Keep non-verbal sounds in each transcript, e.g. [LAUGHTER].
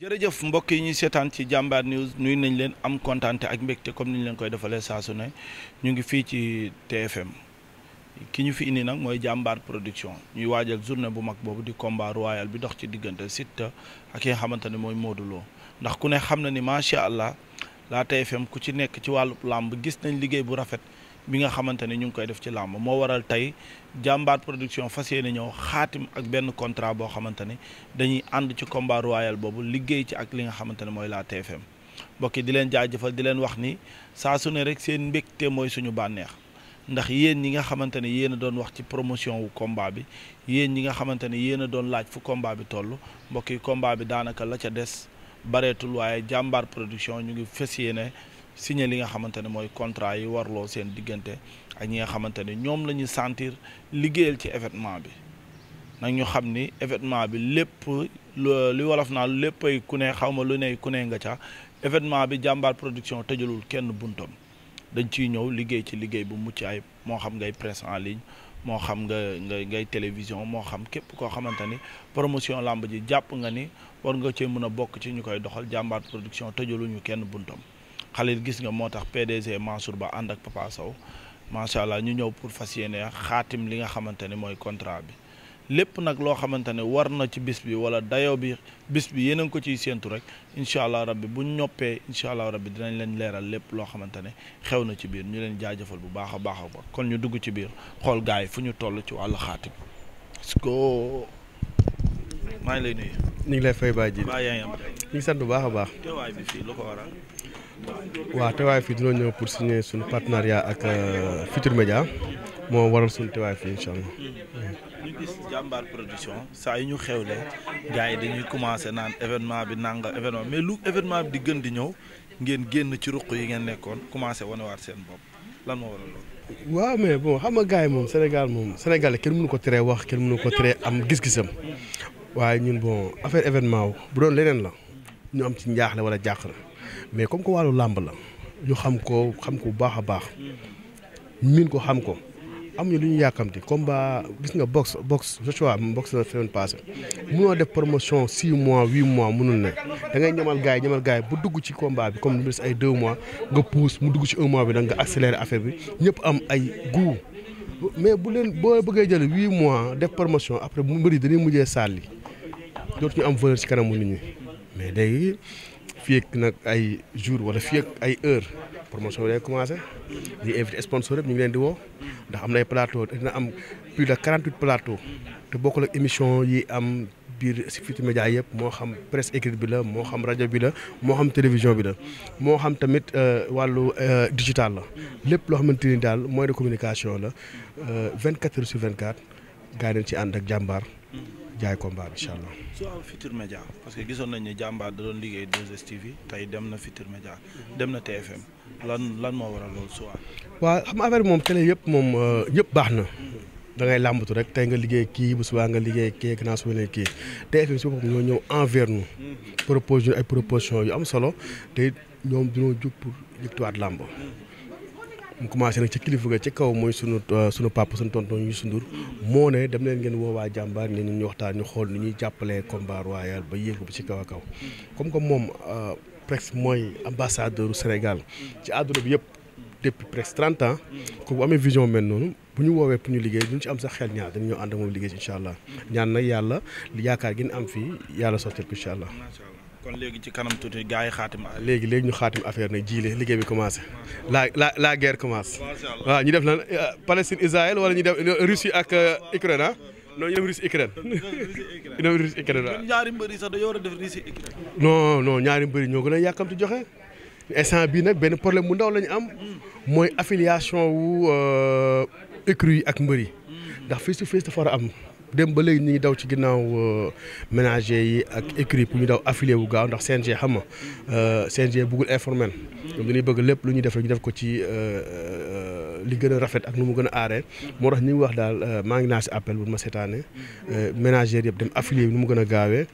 jërëjëf mbokk yi ñu seetaan ci jàmbaar news nuy nañ leen am kontaante ak mbégte comme ni ñu leen koy defalee saasu su ne ñu ngi fii ci TFM ki ñu fi indi nag mooy jàmbaar production ñuy waajal journée bu mag boobu di combat royal bi dox ci diggante Siteu ak yi nga xamante ne mooy Modou ndax ku ne xam na ni macha allah la TFM ku ci nekk ci wàllu làmb gis nañ liggéey bu rafet. bi nga xamante ne ñu ngi koy def ci làmb moo waral tey jàmbaar production fas yéene ñëw xaatim ak benn contrat boo xamante ne dañuy ànd ci combat royal boobu liggéey ci ak li nga xamante ne mooy laa TFM mbokk yi di leen jaajëfal di leen wax ni saa su ne rek seen mbégte mooy suñu bànneex ndax yéen ñi nga xamante ne yéen a doon wax ci promotion wu combat bi yéen ñi nga xamante ne yéen a doon laaj fu combat bi toll mbokk yi combat bi daanaka la ca des bareetul waaye jàmbaar production ñu ngi fas yéene signé li nga xamante ne mooy contrat yi warloo seen diggante ak ñi nga xamante ne ñoom la ñu sentir liggéeyal ci événement bi nag ñu xam ni événement bi lépp li wolof naa léppay ku ne xaw ma lu ne ku ne nga ca événement bi jàmbaar production tëjalul kenn buntam dañ ciy ñëw liggéey ci liggéey bu mucc ayib moo xam ngay presse en ligne moo xam nga nga ngay télévision moo xam képp koo xamante ni promotion làmb ji jàpp nga ni war nga cee mën a bokk ci ñu koy doxal jàmbaar production tëjaluñu kenn buntam xale gis nga moo tax PDG Mansour Ba ànd ak Papa Sow macha allah ñu ñëw pour fas yéene xaatim li nga xamante ne mooy contrat bi lépp nag loo xamante ne war na ci bis bi wala dayo bi bis bi yéen a ngi ko ciy séentu rek incha allah rabbi bu ñu ñoppee incha allah rabbi dinañ leen leeral lépp loo xamante ne xew na ci biir ñu leen jaajëfal bu baax a baax a baax kon ñu dugg ci biir xool gars yi fu ñu toll ci wàll xaatim. parce que maa ngi lay nuyu. ñu ngi lay fay baa ji. ñu sant bu baax a baax. teewaay bi ko waral. te teewaay fii dina ñëw pour signer suñu partenariat ak euh, Futur Media moo waral suñu teewaay fii incha allah. Hmm. production saa yi ñu xewle gars yi dañuy commencé naan événement bi nanga événement mais lu événement bi di gën di ñëw ngeen génn ci ruq yi ngeen nekkoon commencé wanewaat seen bopp lan moo waral waaw mais boo xam nga gars yi moom Sénégal moom sénégale kenn mënu ko teree wax kenn mënu ko teree am gis-gisam waaye ñun boo affaire événement wu bu doon leneen la ñu am ci njaaxle wala jàq la mais comme que wàllu làmb la ñu xam ko xam ko bu baax a baax miin ko xam ko am ñu lu ñu yàkkamti combat gis nga box box Joshua box la semaine passée munoo def promotion six mois huit mois munul ne dangay ngay ñamal gars yi ñamal gars yi bu dugg ci combat bi comme lu des ay deux mois nga pousse mu dugg ci un mois bi da nga accélérer affaire bi ñëpp am ay goût mais bu leen boo bëggee jël huit mois def promotion après bu mbëri dañuy mujjee sàlli dootuñu am valeur ci kanamu fii nag ay jour wala fii ak ay heure promotion bi day commencé ñu invité sponsor yëpp ñu ngi leen di woo ndax am na ay plateau dina am plus de quarante te bokkul ak émission yi am biir si Futurs Médias yëpp moo xam presque écrite bi la moo xam rajo bi la moo xam télévision bi la moo xam tamit euh, wàllu euh, digital la lépp loo xamante ni daal moyen de communication la euh, vingt quatre heures sur vingt quatre gaa yi ci ànd ak jàmbaar jaay combat bi allah ci waaw Futur Média parce que gisoon nañ ne jàmbaar da doon liggéey 2STV tey dem na Futur Média dem na TFM lan lan moo waral loolu soit. waaw xam affaire moom télé yëpp moom ñëpp euh, baax na. da ngay rek tey nga liggéey kii bu subaa nga liggéey kii gannaaw suba nga kii TFM si boppam ñoo ñëw envers nous. Mm. propose ay propositions yu am solo te ñoom dañoo jug pour yëgtuwaat làmb mu commencé nag ci kilifa ga ci kaw mooy sunu euh, sunu papa sunu tonton Youssou Ndour moo ne dem leen ngeen woo waa jàmbaar ne ñu waxtaan ñu xool ni ñuy jàppalee combat royal ba yéegu bi ci kaw a kaw comme que moom euh, presque mooy ambassadeur Sénégal ci àdduna bi yëpp depuis presque trente ans ko bu amee vision mel noonu bu ñu woowee pour ñu liggéey duñ ci am sax xel ñaar dañu ñëw ànd moom liggéey si incha allah ñaan nag yàlla yaakaar gi ñu am fii yàlla sottil ko incha allah kon léegi ci kanam tuuti gars yi xaatim léegi léegi ñu xaatim affaire nag jiile liggéey bi commencé la la la guerre commence waaw ñu def lan euh, Palestine Israël wala ñu def euh, Russie ak euh, Ukraine ah non ñu def Russie Ukraine ñu def Russie Ukraine waaw ñaari mbëri war a def Russie Ukraine ñaari mbëri ñoo gën a yàkkamti joxe instant bii nag benn problème bu ndaw la ñu am mm. mooy affiliation wu écurie yi ak mbëri mm. ndax face to face dafa war a am dem ba léegi ñu ngi daw ci ginnaaw euh, ménager yi ak écurie pour ñu daw affilié wu gaaw ndax CNG xam nga euh, CNG bëggul informel ñoom dañuy bëgg lépp lu ñuy def rek ñu def ko ci euh, li gën a rafet ak nu mu gën a aaree moo tax ñu wax daal maa ngi naa si appel bu ma seetaane ménager yëpp dem affilié bi nu mu gën a gaawee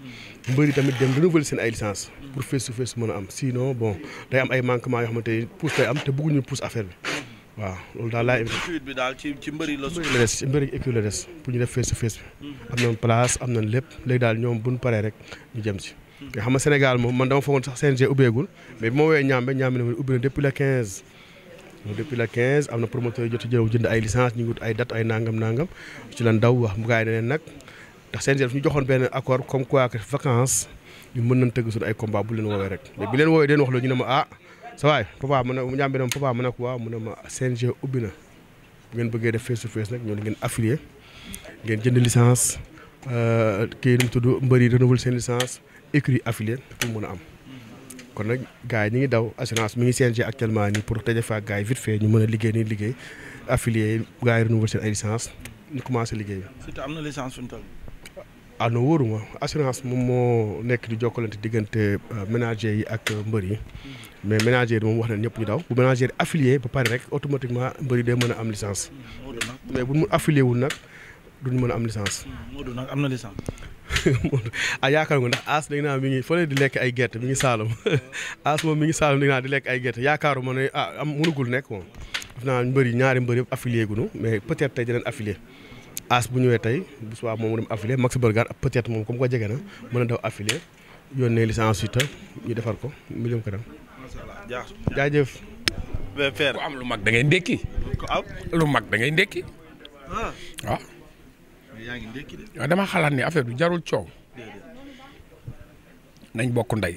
mbëri tamit dem renouveler seen ay licence pour face to face mën a am sinon bon day am ay manquement yoo xamante ni pousse tay am te bëgguñu pousse affaire bi waaw loolu daal laay éviter. bi daal ci ci mbëri la. suite la des ci mbëri équipe la des pour ñu def face à bi. Hmm. am nañ place am nañ lépp léegi daal ñoom bu ñu paree rek ñu jëm si nga xam ne Sénégal moom man dama foogoon sax CNG ubbeegul mais bi ma woowee ñaambe ñaambe ne ma ubbi le 15. depuis le am na promoteur yi jot a jëw jënd ay licence nangam nangam ci lan daw wax mu gaay ne leen nag ndax CNG daf ñu joxoon benn accord comme quoi que vacances ñu mën nañ tëgg suñu ay combat bu leen woowee rek mais bi leen woowee deen wax loolu ñu ne ma ah, so waay papa mu ne ñaam bi ne papa mu ne ko waaw mu ne ma CNG ubbi na bu ngeen bëggee def face to face nag ñoo ngeen affilié ngeen jënd licence euh, kii nu mu tudd mbër yi renouvelé seen licence écrit affilié pour mën a am kon nag gars yi ñu ngi daw assurance mi ngi CNG actuellement nii pour daje fa gars yi vite fait ñu mën a liggéey nii liggéey affilié gars yi renouvelé seen ay licence ñu commencé liggéey. surtout am na licence suñu tool ah non wóoruma assurance moom moo nekk di jokkalante diggante euh, ménager yi ak euh, mbër yi mm-hmm. mais ménager moom wax na ñëpp ñu daw bu ménager affilié ba pare rek automatiquement mbër yi day mën a am licence mm-hmm. mais bu mu affilié nag duñ mën a am licence. Mm-hmm. Modou nag am na licence. [LAUGHS] Ah, yaakaar nga ndax as dañ naa mi ngi fële di lekk ay gerte mi ngi Saalum aas [LAUGHS] moom mi ngi Saalum dañ naa di lekk ay gerte yaakaaruma ne ah am mënugul nekk moom daf naa mbër yi ñaari mbër yëpp affilié gunu mais peut-être tey dinañ affilié. as bu ñëwee tey bu subaa moom mu dem affilié Max Burger peut-être moom comme ko jege na mën a def affilié li licence yi ñu defar ko million ko dem. macha allah jaajëf. ku am lu mag dangay ngay ndékki. lu mag da ngay ah. ngi ndékki de. dama xalaat ni affaire bi jarul coow. nañ bokk ndey.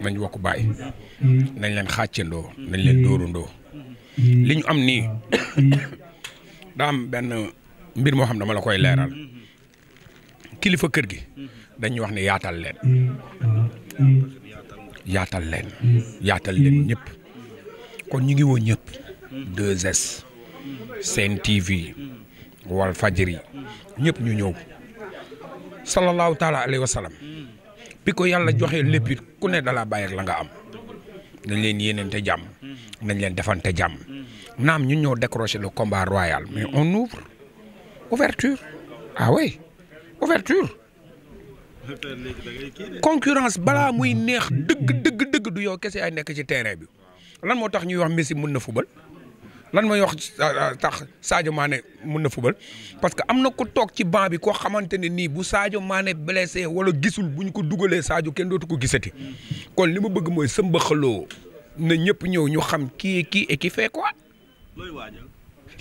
nañ bokk bàyyi. Mm-hmm. nañ leen xàccandoo. nañ leen mm-hmm. dóorandoo. Mm-hmm. li ñu am nii [COUGHS] daa benn. mbir moo xam dama la koy leeral mm-hmm. kilifa kër gi mm-hmm. dañuy wax ni yaatal leen mm-hmm. yaatal leen yaatal leen ñëpp kon ñu ngi woo ñëpp 2 seen Sen TV Walf Fadjri ñëpp ñu ñëw sallallahu taala alayhi wa bi ko yàlla joxe lépp ku ne dalaa bàyyi ak la nga am nañ leen yéenante jàmm nañ leen defante jàmm naam ñu ñëw décrocher le combat royal mais on ouvre ouverture ah oui ouverture concurrence bala muy neex deug deug deug du yow kese ay nekk ci terrain bi lan mo tax ñuy wax Messi mën football? lan mooy wax ah, ah, tax Sadio Mané mën football? parce que amna na ku toog ci banc bi ko xamante ni bu Sadio Mané blessé wala gisul buñ ko dugalee Sadio kenn dootu ko gisati kon li bëgg moy mooy sëmbaxaloo na ñëpp ñëw ñu xam ki ki et ki fait quoi. Loy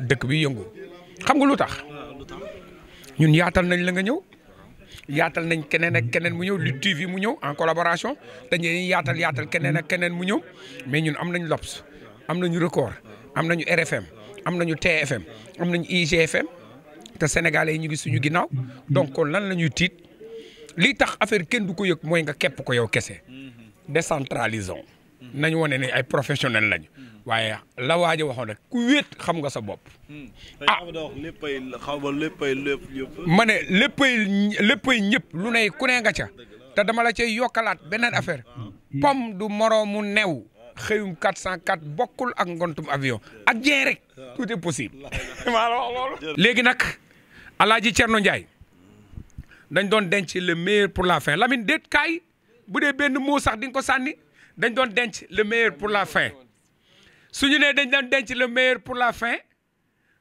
dëkk bi yëngu xam nga lu tax ñun yaatal nañ la nga ñëw yaatal nañ keneen ak keneen mu ñëw Lutte TV mu ñëw en collaboration dañuy yaatal yaatal keneen ak keneen mu ñëw mais ñun am nañ L'Obs am nañu Record am nañu RFM am nañu TFM am nañu IGFM te sénégale yi ñu ngi suñu ginnaaw donc kon lan la ñuy tiit lii tax affaire kenn du ko yëg mooy nga képp ko yow kese décentralisons. Mm-hmm. nañ wone ne ay professionnel lañu. Mm-hmm. waaye la waaj a waxoon rek ku wéet xam nga sa bopp. Mm-hmm. ah léppay xaw ma léppay ne léppay léppay ñëpp lu ne ku ne nga ca te dama la cay yokkalaat beneen affaire ah. pom du moroomu new. xëyum 404 bokkul ak ngontum avion ak jee rek tout est possible [LAUGHS] maa la léegi nag Alaaji Cerno Ndiaye dañ doon denc le meilleur pour la fin Lamine déet kaay bu dee benn moo sax di ko sànni. dañ doon denc le meilleur pour la fin suñu ñu le meilleur pour la fin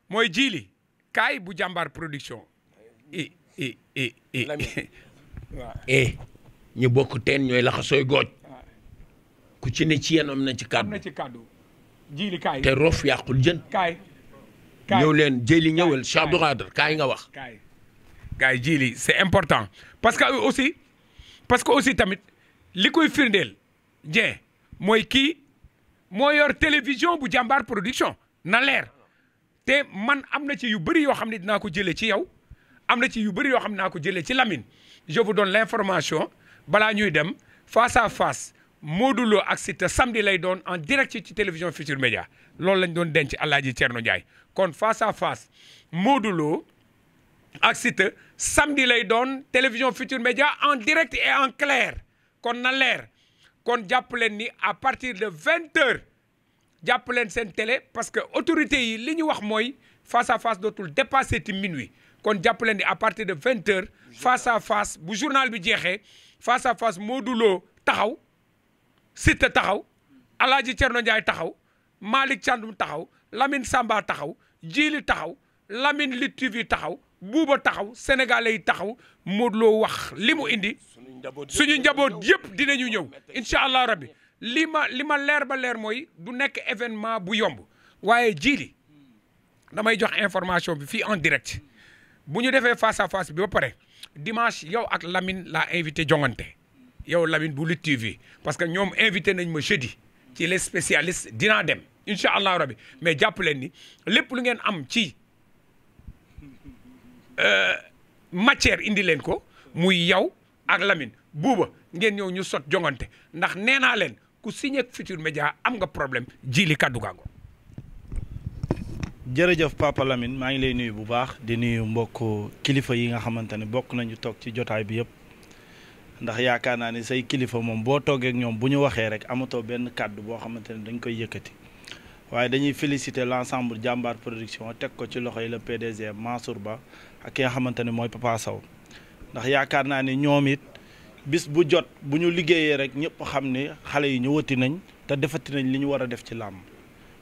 mooy jiili kaay bu production Et et et e ñu bokk teen ñooy laxasooy gooj ku ci ne ci na ci kàddu te rof yàqul nga wax c'est important parce que aussi parce que aussi tamit li koy Dieng moi kii moo yor télévision bu jambar production na leer te man amna ci yu bari yo xamni ne ko jëlee ci yow amna na ci yu bari yo xamna ko ci Lamine je vous donne l'information bala ñuy dem face à face modulo Lo ak samedi lay en direct ci télévision future media. lolou lañ doon denc Alaaji Thierno Ndiaye kon face à face modulo Lo ak samedi lay télévision future Media en direct et en clair kon na kon jàpp ni à partir de 20 heures jàpp sur télé parce que autorité yi liñu wax moy face à face dotul dépasser ti minuit kon jàpp ni à partir de 20 heures face à face bu journal bi jexé face à face Modulo, taxaw cité taxaw aladji Cerno taxaw malik taxaw Lamine Samba taxaw Jili taxaw Lamine Lutte taxaw buuba taxaw sénégalais yi taxaw Modou loo wax li mu indi suñu njaboot yëpp dinañu ñëw incha allah rabbi li ma li ma leer ba leer mooy du nekk événement bu yomb waaye jiili damay jox information bi fii en direct bu ñu defee face à face bi ba pare dimanche yow ak Lamine la invité jongante yow Lamine bu TV parce que ñoom invité nañ ma jeudi ci les spécialistes dinaa dem incha allah rabbi mais jàpp leen ni lépp lu ngeen am ci Euh, matière indi leen ko muy yow ak Lamine buuba ngeen ñëw ñu sot jongante ndax nee naa leen ku signé Futurs Médias am nga problème jili kàddu gaango jërëjëf papa Lamine maa ngi lay nuyu bu baax di nuyu mbokk kilifa yi nga xamante ne bokk nañu toog ci jotaay bi yëpp ndax yaakaar naa ne say kilifa moom boo toogee ñoom bu ñu waxee rek amatoo benn kàddu boo xamante ne dañ koy yëkkati waaye dañuy féliciter l'ensemble jàmbaar production teg ko ci loxo yi le PDG Mansour Ba ak ki nga xamante ne mooy Papa Sow ndax yaakaar naa ne ñoom it bis bu jot bu ñu liggéeyee rek ñëpp xam ne xale yi ñëwati nañ te defati nañ li ñu war a def ci làmb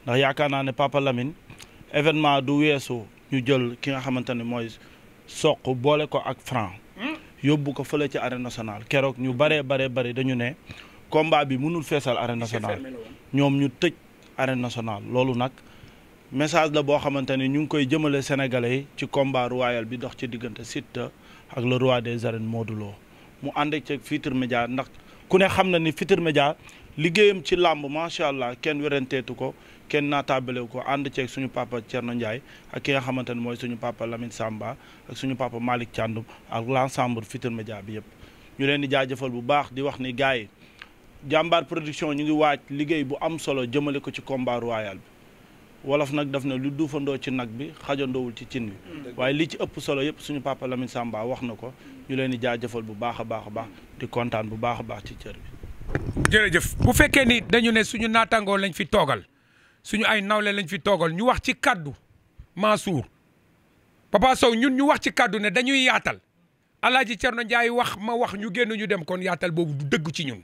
ndax yaakaar naa ne Papa Lamine événement du weesu ñu jël ki nga xamante ne mooy soq boole ko ak franc yóbbu ko fële ci arène national keroog ñu baree baree bari dañu ne combat bi mënul feesal arène nationale ñoom ñu tëj arène nationale loolu nag message la boo xamante ni ñu ngi koy jëmale sénégalais ci combat royal bi dox ci diggante Siteu ak le roi des arènes Modou mu ànd ak Futurs Médias ndax ku ne xam na ni Futurs média liggéeyam ci làmb macha allah kenn werenteetu ko kenn naataabale ko ànd ceeg suñu papa Thierno Ndiaye ak ki nga xamante ne mooy suñu papa Lamine Samba ak suñu papa Malick Thiandoum ak l'ensemble Futurs média bi yëpp ñu leen di jaajëfal bu baax di wax ni gars yi jàmbaar production ñu ngi waaj liggéey bu am solo jëmale ko ci combat royal bi wolof nag daf na lu duufandoo ci nag bi xajandoowul ci cin bi mm. waaye li ci ëpp solo yëpp suñu papa Lamine Samba wax na ko ñu leen di jaajëfal bu baax a baax a baax di kontaan bu baax a baax ci cër jërëjëf bu fekkee ni dañu ne suñu naataangoo lañ fi toogal suñu ay nawle lañ fi toogal ñu wax ci kàddu Mansour Papa Sow ñun ñu wax ci kàddu ne dañuy yaatal Alaaji Cerno Njaay wax ma wax ñu génn ñu dem kon yaatal boobu du dëgg ci ñun.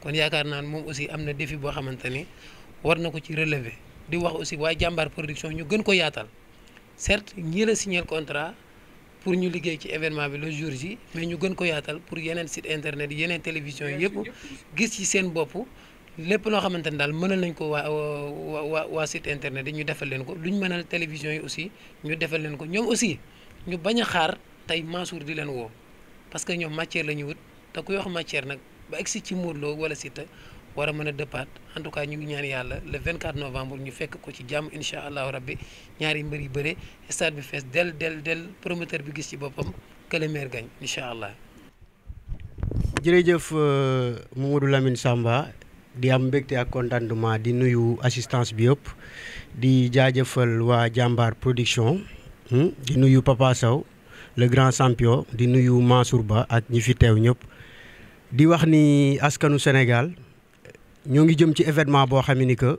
kon yaakaar naan moom aussi am na défi boo xamante ni war na ko ci relever di wax aussi waaye jàmbaar production ñu gën ko yaatal certes ñii la signer contrat pour ñu liggéey ci événement bi le jour J mais ñu gën ko yaatal pour yeneen site internet yi yeneen télévision yëpp gis ci seen bopp lépp loo xamante ne daal mënal nañ ko waa waa waa site internet yi ñu defal leen ko lu ñu mënal télévision yi aussi ñu defal leen ko ñoom aussi ñu bañ a xaar tey Mansour di leen woo parce que ñoom matière la ñu wut te ku nag ba egsi ci Modou Lo wala Siteu war mën a dëppaat en tout cas ñu ngi ñaan yàlla le 24 novembre ñu fekk ko ci jàmm incha allahu rabbi ñaari mbër yi bëre stade bi fees del del del promoteur bi gis ci boppam que le maire gagne incha allah. jërëjëf euh, Mamadou Lamine Samba di am mbégte ak contentement di nuyu assistance bi yëpp di jaajëfal waa jàmbaar production hmm? di nuyu Papa Sow le grand champion di nuyu Mansour Ba ak ñi fi teew ñëpp. di wax ni askanu senegal ñoo ngi jëm ci événement boo xam ni que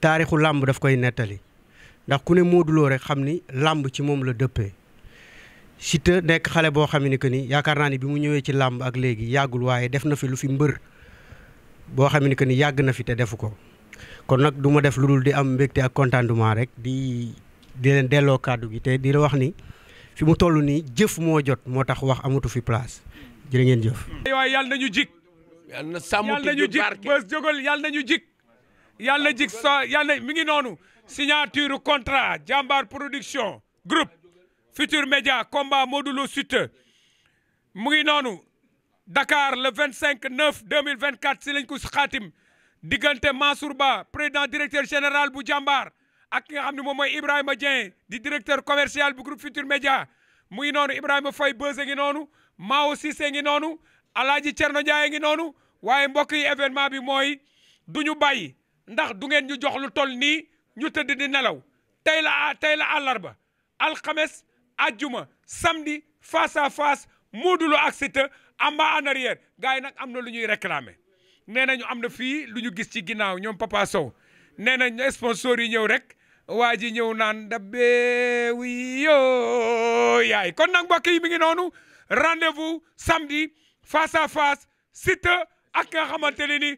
taarixu làmb daf koy nettali ndax ku ne Modou rek xam ni làmb ci moom la dëppee Siteu nekk xale boo xam ni que ni yaakaar naa ni bi mu ñëwee ci làmb ak léegi yàggul waaye def na fi lu fi ni ni na fi te kon def di am mbégte ak contentement rek di di leen delloo kàddu gi te di la wax ni fi mu jëf jot wax amatu fi place. jërë ngeen jëf. waaye yàlla nañu jik. yàlla na sàmm yàlla nañu jik bés jógal yàlla nañu jik. yàlla jik sa yàlla mi ngi noonu. signature contrat jàmbaar production groupe. Futur Média combat Modulo suite mu ngi noonu Dakar le 25 9 2024 si lañ ko xaatim diggante Mansour Ba président directeur général bu jàmbaar ak ki nga xam ne moom mooy Ibrahima Dieng di directeur commercial bu groupe Futur Média mu ngi noonu Ibrahima Faye Beuse ngi noonu. Mao Cissé ngi nonu Alaaji Cerno Njaay ngi nonu waye mbokk yi événement bi moy duñu bayyi ndax du ngeen ñu jox lu toll ni ñu tëdd di nelaw tay la tay la àllarba alxames ajjuma samedi face à face modulo accite amba en arrière gaay nak amna lu ñuy réclamer nenañu amna fi gis ci ginaaw ñom Papa Sow nenañ sponsor yi ñew rek waji ñew naan da wi yo yaay kon nak mbokk yi mi ngi nonu rendez-vous samedi face à face site ak nga xamanteni